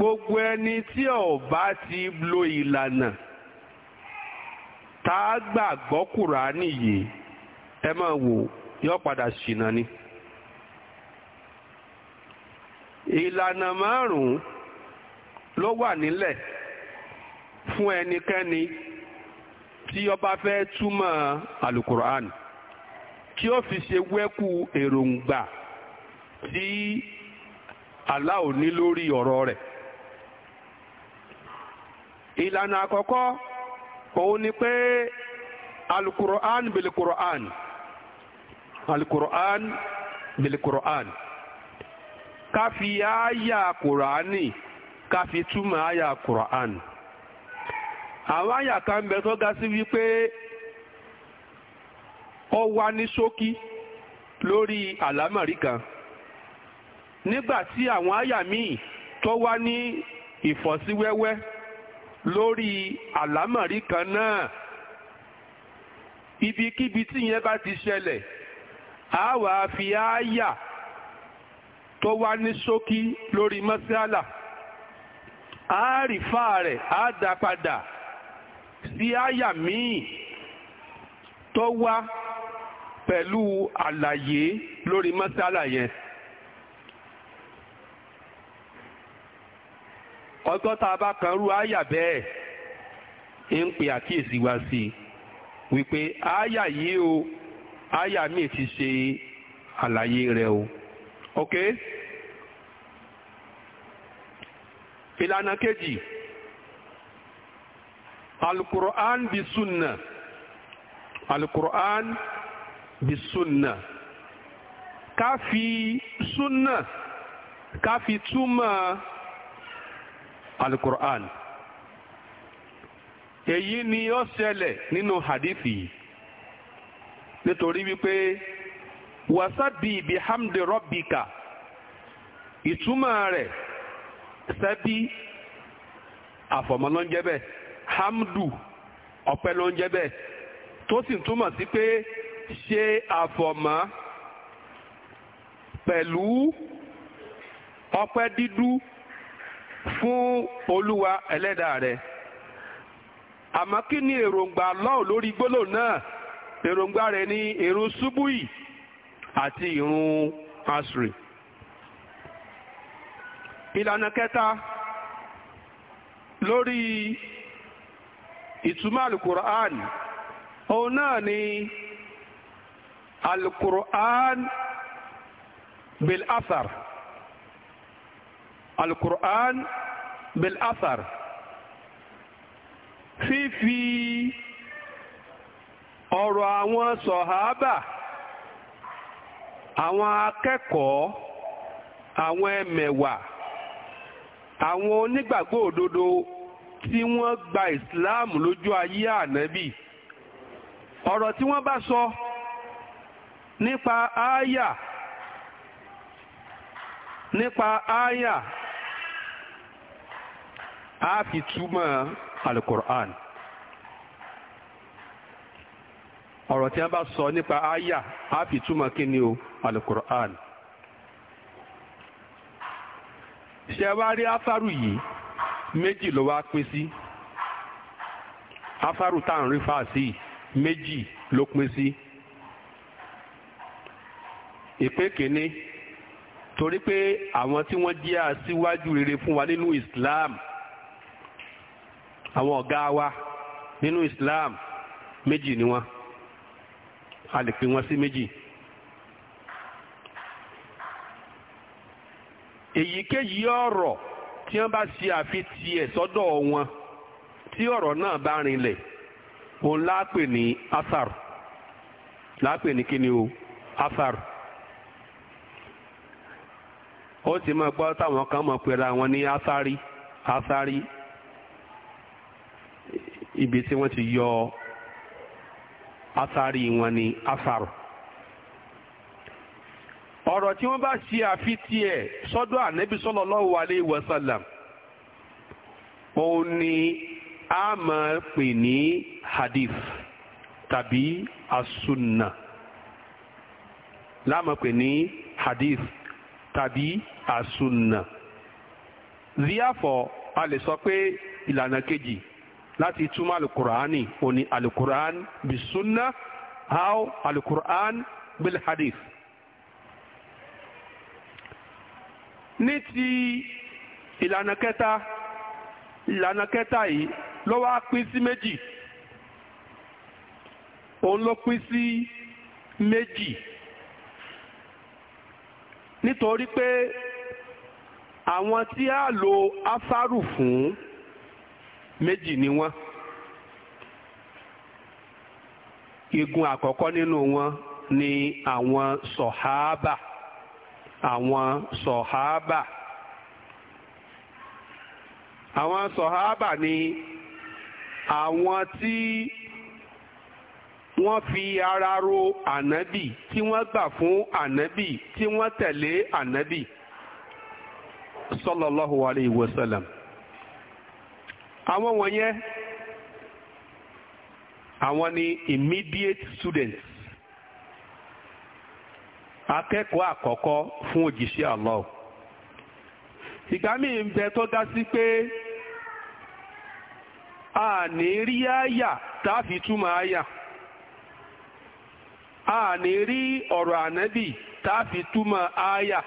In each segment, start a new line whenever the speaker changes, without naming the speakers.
gbogbo ẹni tí ò bá ti lo ìlànà tá a gbàgbọ́ kùránì yìí ẹ máa wò yọ padà ṣìnà ni. ìlànà márùn-ún ló wà nílẹ̀ fún ẹnikẹ́ni tí ó fẹ́ túmọ̀ àlùkùránì tí ó fi ṣe wẹ́kú èròǹgbà tí Allah ní lórí ọ̀rọ̀ rẹ̀. ìlànà àkọ́kọ́ òun ni pé alukur'an bilikur'an alukur'an bilikur'an ká fi àyà kùránì ká fi túmọ̀ àyà kùránì àwọn àyà kan bẹ tó ga sí wípé ó wà ní ṣókí lórí àlámọ̀rí kan nígbà tí àwọn àyà míì tó wà ní ìfọ́síwẹ́wẹ́. Si lórí àlámọ̀rí kan náà ibikíbi tí yẹn bá ti ṣẹlẹ̀ a wà fi ááyà tó wá ní ṣókí lórí mọ́sálà a rí fà rẹ̀ a dá padà sí ááyà míì tó wá pẹ̀lú àlàyé lórí mọ́sálà yẹn. ọjọ́ tá a bá kan rú àyà bẹ́ẹ̀ ń pè àkíyèsí wa sí i wípé àyà yìí o àyà míì ti ṣe àlàyé rẹ o ok ìlànà kejì alukur'an bi sunna alukur'an bi sunna ká fi sunna ká túmọ̀ alukur'an èyí ni ó ṣẹlẹ̀ nínú hadithi nítorí wípé wasabi bihamdi rabbika ìtumọ̀ rẹ̀ sẹ́bí àfọ̀mọ́ ló ń jẹ́ bẹ́ẹ̀ hamdu ọpẹ́ ló ń jẹ́ bẹ́ẹ̀ tó sì túmọ̀ sí pé ṣe àfọ̀mọ́ pẹ̀lú ọpẹ́ dídú fún olúwa ẹlẹ́dàá rẹ̀ àmọ́ kí ni èròǹgbà lọ́ọ̀ lórí gbólóhùn náà èròǹgbà rẹ̀ ni èrò ṣubúì àti ìrun asri. ìlànà kẹta lórí ìtumọ̀ alukur'an òun náà ni alukur'an bil asar alukur'an bil في في ọ̀rọ̀ àwọn sọ̀hábà àwọn akẹ́kọ̀ọ́ àwọn ẹmẹ̀wà àwọn onígbàgbọ́ òdodo tí wọ́n gba ìsìláàmù lójú ayé ànábì ọ̀rọ̀ tí wọ́n bá sọ nípa ááyà nípa ááyà a fi túmọ̀ alukur'an ọ̀rọ̀ tí wọ́n bá sọ nípa aya a fi túmọ̀ kí ni o alukur'an ṣe wá rí afaru yìí méjì ló wá pín sí afaru tá à ń rí fàásì méjì ló pín sí ìpín kìíní torí pé àwọn tí wọ́n jẹ́ aṣíwájú rere fún wa nínú Islam àwọn ọ̀gá wa nínú Islam méjì ni wọ́n a lè pè wọ́n sí méjì. èyíkéyìí ọ̀rọ̀ tí wọ́n bá ṣe àfitì ẹ̀ sọ́dọ̀ wọn tí ọ̀rọ̀ náà bá rinlẹ̀ òun lápè ní asar lápè ní kíni o asar ó ti ma gbọ́ táwọn kan mọ̀ pẹ̀lú àwọn ní asari asari ibi tí wọ́n ti yọ asari wọn ni asaro ọ̀rọ̀ tí wọ́n bá ṣe àfi tiẹ̀ sọ́dọ̀ ànẹ́bí sallallahu alaihi wasallam òun ni a máa pè ní hadith tàbí asunna láàmà pè ní hadith tàbí asunna therefore a lè sọ pé ìlànà kejì láti túmọ̀ alukur'ani òní alukur'an bí sunna aw alukur'an bil hadith. ní ti ìlànà kẹta ìlànà kẹta yìí ló wá pín sí méjì òun ló pín sí méjì nítorí pé àwọn tí a lo asaru fún méjì ni wọ́n igun àkọ́kọ́ nínú wọn ni àwọn sọ̀háábà àwọn sọ̀háábà àwọn sọ̀háábà ni àwọn tí wọ́n fi ara ro ànábì tí wọ́n gbà fún ànábì tí wọ́n tẹ̀lé ànábì sallallahu alayhi wa sallam. àwọn wọ̀nyẹn àwọn ni immediate students akẹ́kọ̀ọ́ àkọ́kọ́ fún òjíṣẹ́ Allah ìgbà míì ń bẹ tó dá sí pé a ní rí àyà fi túmọ̀ àyà a ní rí ọ̀rọ̀ ànábì fi túmọ̀ àyà.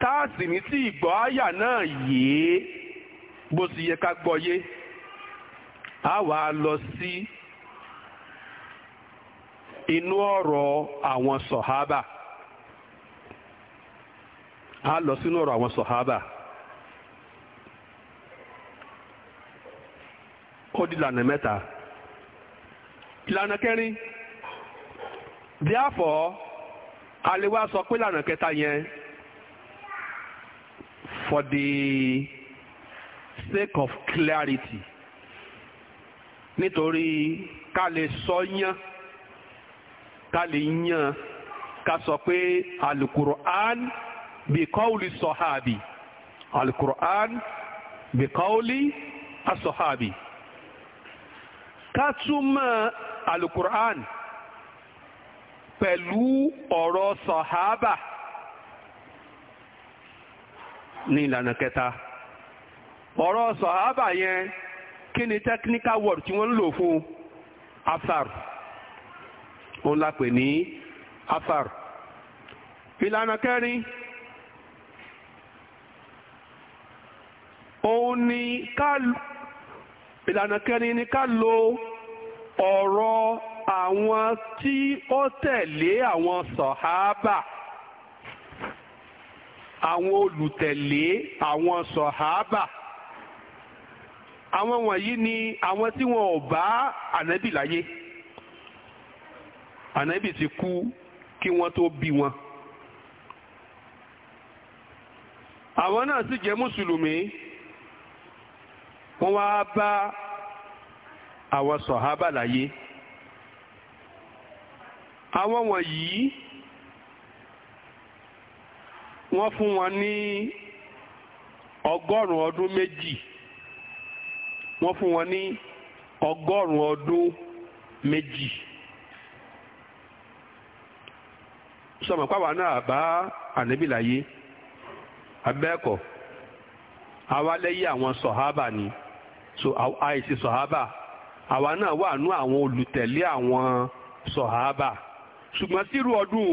táàsì ní tí ìgbọ́ àyà náà yìí bó ti yẹ ká gbọ́yé a wà lọ sí inú ọ̀rọ̀ àwọn sọ̀hábà a lọ sínú ọ̀rọ̀ àwọn sọ̀hábà ó di ìlànà mẹ́ta ìlànà kẹrin therefore a lè wá sọ pé ìlànà kẹta yẹn for the sake of clarity nítorí ká lè sọ yán ká lè yán ká sọ pé alukur'an bí kọ́ọ̀lì sọ̀hábì alukur'an bí kọ́ọ̀lì asọ̀hábì ká túmọ̀ alukur'an pẹ̀lú ọ̀rọ̀ sọ̀hábà ní ìlànà kẹta ọ̀rọ̀ sọ̀hábà yẹn kí ni technical word tí wọ́n ń lò fún afar òun la pè ní afar ìlànà kẹrin òun ni ká ìlànà kẹrin ni ká lo ọ̀rọ̀ àwọn tí ó tẹ̀lé àwọn sọ̀hábà. So àwọn olùtẹ̀lé àwọn sọ̀háábà àwọn wọ̀nyí ni àwọn tí wọn ò bá ànábì láyé ànábì ti kú kí wọ́n tó bí wọn. àwọn náà sì jẹ́ mùsùlùmí wọ́n wá bá àwọn sọ̀háábà láyé àwọn wọ̀nyí wọ́n fún wọn ní ọgọ́rùn-ún ọdún méjì wọ́n fún wọn ní ọgọ́rùn-ún ọdún méjì. sọmọ pàwọn náà bá ànábì láyé abẹ́ẹ̀kọ́ àwa àwọn sọ̀hábà ni so àìsí sọ̀hábà àwa náà wà nú àwọn olùtẹ̀lé àwọn sọ̀hábà ṣùgbọ́n sírú ọdún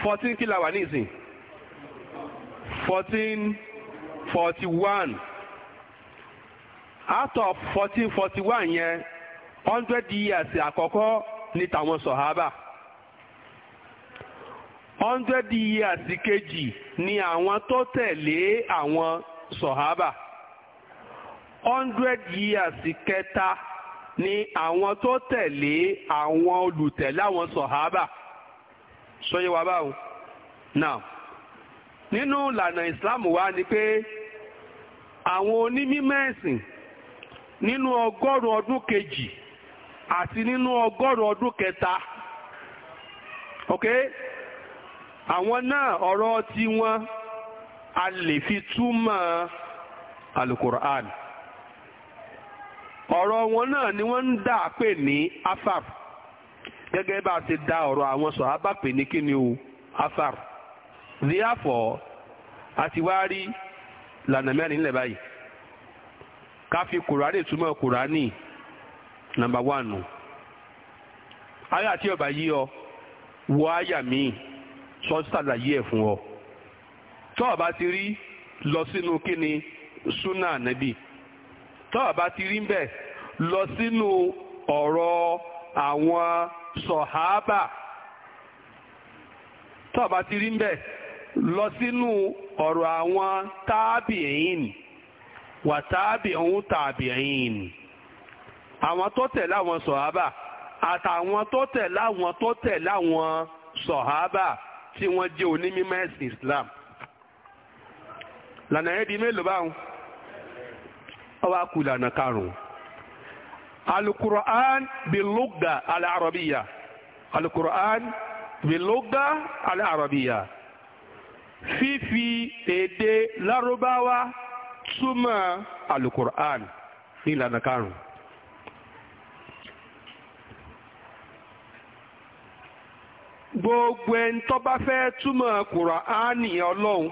fourteen kí la wà ní ìsìn fourteen forty one out of fourteen forty one yẹn hundred years àkọ́kọ́ ní tàwọn sọ̀hábà hundred years kejì ni àwọn tó tẹ̀lé àwọn sọ̀hábà hundred years kẹta ni àwọn tó tẹ̀lé àwọn olùtẹ̀lé àwọn sọ̀hábà. So sọyẹ wa báwo now nínú ìlànà Islam wa ni pé àwọn onímọ̀ nínú ọgọ́rùn ọdún kejì àti nínú ọgọ́rùn ọdún kẹta ok àwọn náà ọ̀rọ̀ wọn a lè fi túmọ̀ alukur'an ọ̀rọ̀ wọn náà ni wọ́n ń dà pé ní afab gẹ́gẹ́ bá a ti da ọ̀rọ̀ àwọn sọ̀hábà pè ní kíni o afar díàfọ̀ àti wá rí lànà mẹ́rin nílẹ̀ báyìí ká fi kùránì túmọ̀ kùránì nàmbà wánù àyà tí ọba yí ọ wọ àyà míì sọ sàlàyé ẹ̀ fún ọ tó ọba ti rí lọ sínú kíni súnà nẹ́bì tó ọba ti rí ń bẹ̀ lọ sínú ọ̀rọ̀ àwọn sọ̀háábà tọ́ọ̀bá ti rí ń lọ sínú ọ̀rọ̀ àwọn tábìín wà tábì ọ̀hún tábìín àwọn tó tẹ̀lé àwọn sọ̀háábà àtàwọn tó tẹ̀lé àwọn tó tẹ̀lé àwọn sọ̀háábà tí wọ́n jẹ́ onímọ̀ ẹ̀sìn Islam lànà yẹn di mélòó báwọn kú àkùlànà karùn-ún. alukur'an biluga alarabiya alukur'an biluga alarabiya fífi èdè lárúbáwá túmọ̀ alukur'an ní ìlànà karùn-ún. gbogbo ẹni tó bá fẹ́ túmọ̀ kùránì ọlọ́run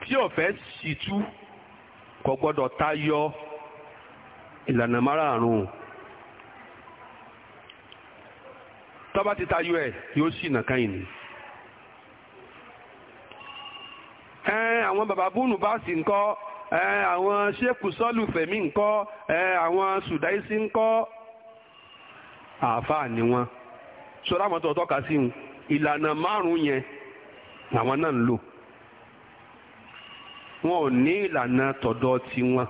tí ò fẹ́ sì tú kò gbọ́dọ̀ tayọ ìlànà márààrún tọ́ba ti tayọ ẹ̀ yóò sì nà káyìn ni. àwọn bàbá búnú bá sì ń kọ́ àwọn ṣéèkù sọ́ọ̀lù fẹ̀mí ń kọ́ àwọn sùdáísí ń kọ́ àáfàá ni wọ́n sọ́dọ̀ àwọn tó tọ́ka sí ìlànà márùn-ún yẹn àwọn náà ń lò wọn ò ní ìlànà tọ̀dọ̀ tiwọn.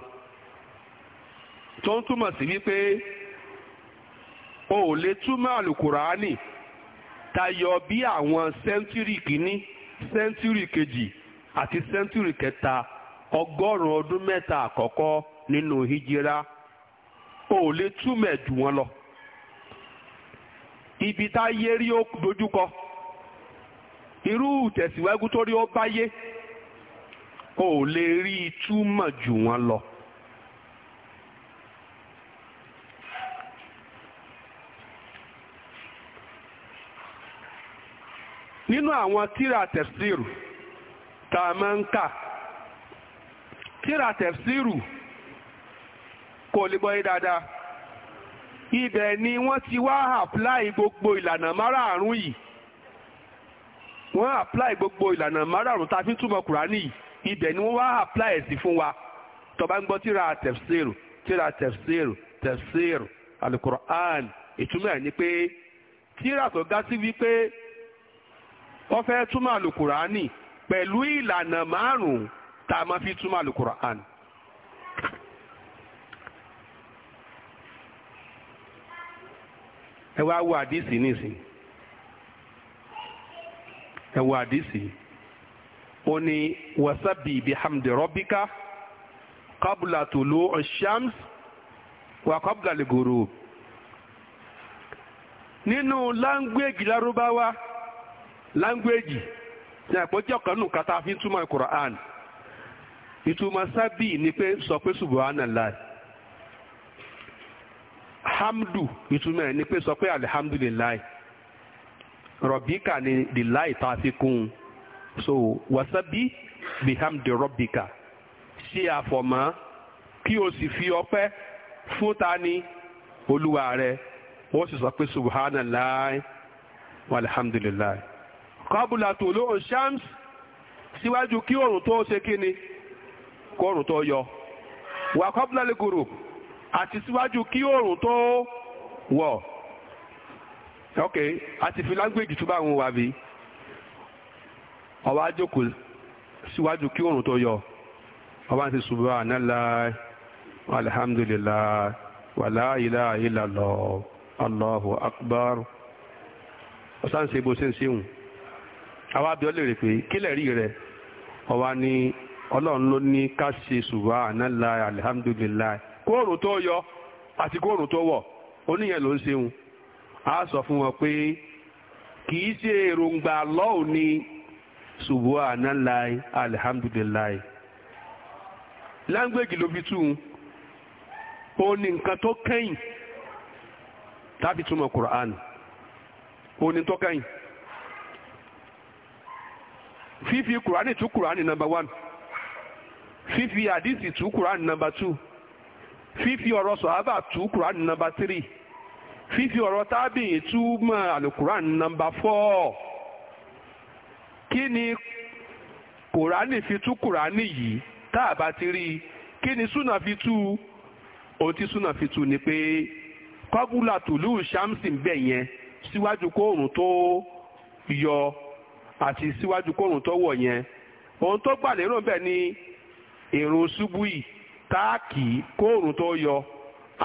tó ń túmọ̀ sí wípé o ò lè túmọ̀ àlùkùránì tayọ bí àwọn sẹ́ńtúrì kìíní sẹ́ńtúrì kejì àti sẹ́ńtúrì kẹta ọgọ́rùn-ún ọdún mẹ́ta àkọ́kọ́ nínú hijira o ò lè túmọ̀ jù wọ́n lọ ibi tá yé rí ó dojúkọ irú ìtẹ̀síwájú tó rí ó báyé o ò lè rí i túmọ̀ jù wọ́n lọ. nínú àwọn tíra tẹ̀síìrù tá a máa ń kà tíra tẹ̀síìrù kò lè gbọ́ yé dáadáa ibẹ̀ ni wọ́n ti wá àpláì gbogbo ìlànà márààrún yìí wọ́n àpláì gbogbo ìlànà márààrún tá a fi ń túmọ̀ kùránì yìí ibẹ̀ ni wọ́n wá àpláì sí fún wa tó bá ń gbọ́ tíra tẹ̀síìrù tíra tẹ̀síìrù tẹ̀síìrù alukur'an ìtumọ̀ ẹ̀ ni pé tíra tó sí wípé wọ́n fẹ́ túmọ̀ àlùkùránì pẹ̀lú ìlànà márùn-ún tá a máa fi túmọ̀ àlùkùránì. ẹ wá wo àdìsí nísìnyí ẹ wo àdìsí ó ní wasabi ibi hamdi rọ́bíkà kabula tulu shams wa kabula ligoro nínú láńgbéèjì lárúbáwá language ní àpọ́jọ́ kan nù kata fi túmọ̀ Quran ìtumọ̀ sábì ni pé sọ pé subhanallah hamdu ìtumọ̀ ni pé sọ pé alihamdulilayi rọ̀bíkà ni the light tá fi kún un so wasabi bihamdi rọ̀bíkà ṣe àfọ̀mọ́ kí o sì fi ọpẹ́ fún ta ni olúwa rẹ̀ wọ́n sì sọ pé subhanallah walhamdulilayi kọ́bùlà tòló shams síwájú kí oòrùn tó ṣe kí ni kó oòrùn tó yọ wà kọ́bùlà lè gòrò àti síwájú kí oòrùn tó wọ̀ ok àti fi language tó bá wọn wà bí ọwọ́ àjòkó síwájú kí oòrùn tó yọ ọwọ́ àti subhanallah alhamdulillah wàlá ilaha illallah allahu akbar ọ̀sán ṣe bó ṣe ń ṣe hùn àwa bí ọ lè rè pé kílẹ̀ rí rẹ̀ ọwa ni ọlọ́run ló ní ká ṣe ṣùgbọ́n ànálà alihamudulilayi kóòrùn tó yọ àti kóòrùn tó wọ̀ oníyẹn ló ń ṣeun a sọ fún wọn pé kì í ṣe èròǹgbà lọ́ọ̀ ni ṣùgbọ́n ànálà alihamudulilayi láńgbèjì ló fi tún ó ní nǹkan tó kẹ́yìn tàbí túmọ̀ kùránì ní tó kẹ́yìn. fífi kùránì tú kùránì nọmba one fífi àdìsí tú kùránì nọmba two fífi ọ̀rọ̀ sọ̀hábà tú kùránì nọmba three fífi ọ̀rọ̀ tábìlì túmọ̀ àlùkùránì nọmba four kí ni kùránì fi tú kùránì yìí tá a bá ti rí i kí ni súnà fi tú ohun tí súnà fi tú ni pé kọ́bùlà tùlù sàmsì ń bẹ̀ yẹn síwájú kóòrùn tó yọ. àti síwájú kóòrùn tó wọ̀ yẹn ohun tó gbà lérò bẹ́ẹ̀ ni ìrun ṣubú yìí táàkì kóòrùn tó yọ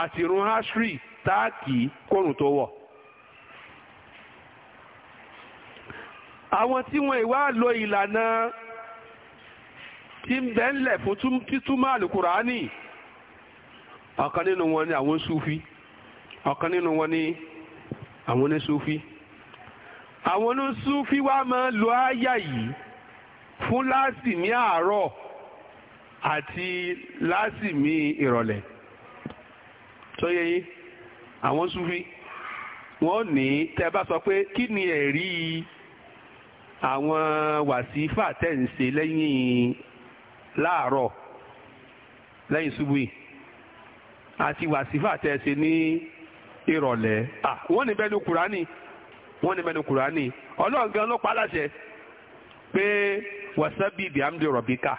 àti ìrun ashri táàkì kóòrùn tó wọ̀. àwọn tí wọn ìwà lo ìlànà tí ń bẹ ńlẹ̀ fún títúmọ̀ àlùkùránì ọ̀kan nínú wọn ni àwọn sufi ọ̀kan nínú wọn ni àwọn onísufi àwọn onísúfí wa máa ń lo àyà yìí fún lásìmí àárọ̀ àti lásìmí ìrọ̀lẹ́ tó yẹ yín àwọn súfí wọ́n ní tẹ́ bá sọ pé kí ni ẹ̀rí àwọn wàsífà tẹ̀ ń ṣe lẹ́yìn láàárọ̀ lẹ́yìn ṣubú yìí àti wàsífà tẹ̀ ṣe ní ìrọ̀lẹ́ à wọ́n ní bẹ́ẹ̀ ní Kùránì wọ́n ní mẹ́nu kùránì ọlọ́run gan ló pa láṣẹ pé wasabi bihamdi rọ̀bíkà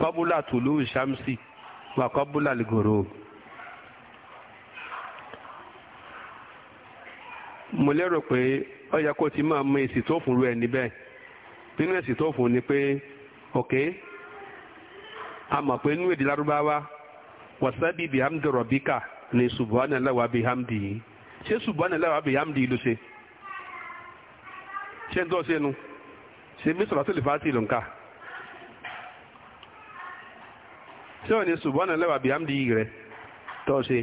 kọ́búlà tùlù shamsi wà kọ́búlà lìgòrò. mo lérò pé ó yẹ kó ti máa mọ èsì tó fún ru ẹni bẹ́ẹ̀ nínú èsì tó fún ni pé òkè a mọ̀ pé nínú èdè lárúbáwá wasabi bihamdi rọ̀bíkà ni subhanallah wa bihamdi ṣé subhanallah wa bihamdi ló ṣe ṣé n tó ṣe nu ṣe mí sọ̀rọ̀ tó lè fàtì ló ń kà ṣé ò ní ṣùgbọ́n náà lẹ́wà bíi amdi rẹ̀ tó ṣe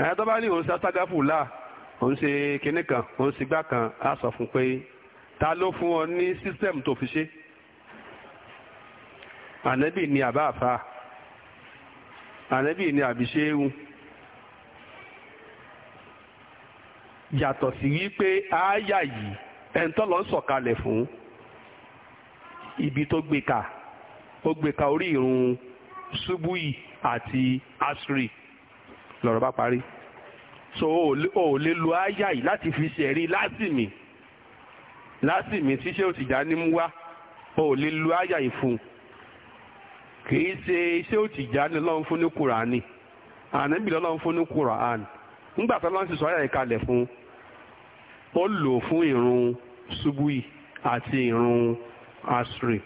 ẹ̀yà tó bá ní òun ṣe atágáfù là òun ṣe kinní kan òun ṣe gbá kan á sọ fún pé ta ló fún ọ ní sísẹ́mù tó fi ṣe ànẹ́bì ni àbá àfa ànẹ́bì ni àbíṣéhùn yàtọ̀ sí wípé ááyà yìí ẹ̀ńtọ́ lọ ń sọ̀kalẹ̀ fún ibi tó gbé ka ó gbé ka orí irun ṣubúyì àti asri lọ́rọ̀ bá parí so o ò lè lo àyà yìí láti fi ṣẹ̀rí lásìmì lásìmì tí ṣé o ti já ní mú wá o ò lè lo àyà yìí fún kì í ṣe ṣé o ti já ní lọ́n fún ní kùránì ànábì lọ́n fún ní kùránì nígbà tó lọ́n ti sọ àyà yìí kalẹ̀ fún un ó lò fún ìrun ṣubúì àti ìrun asre.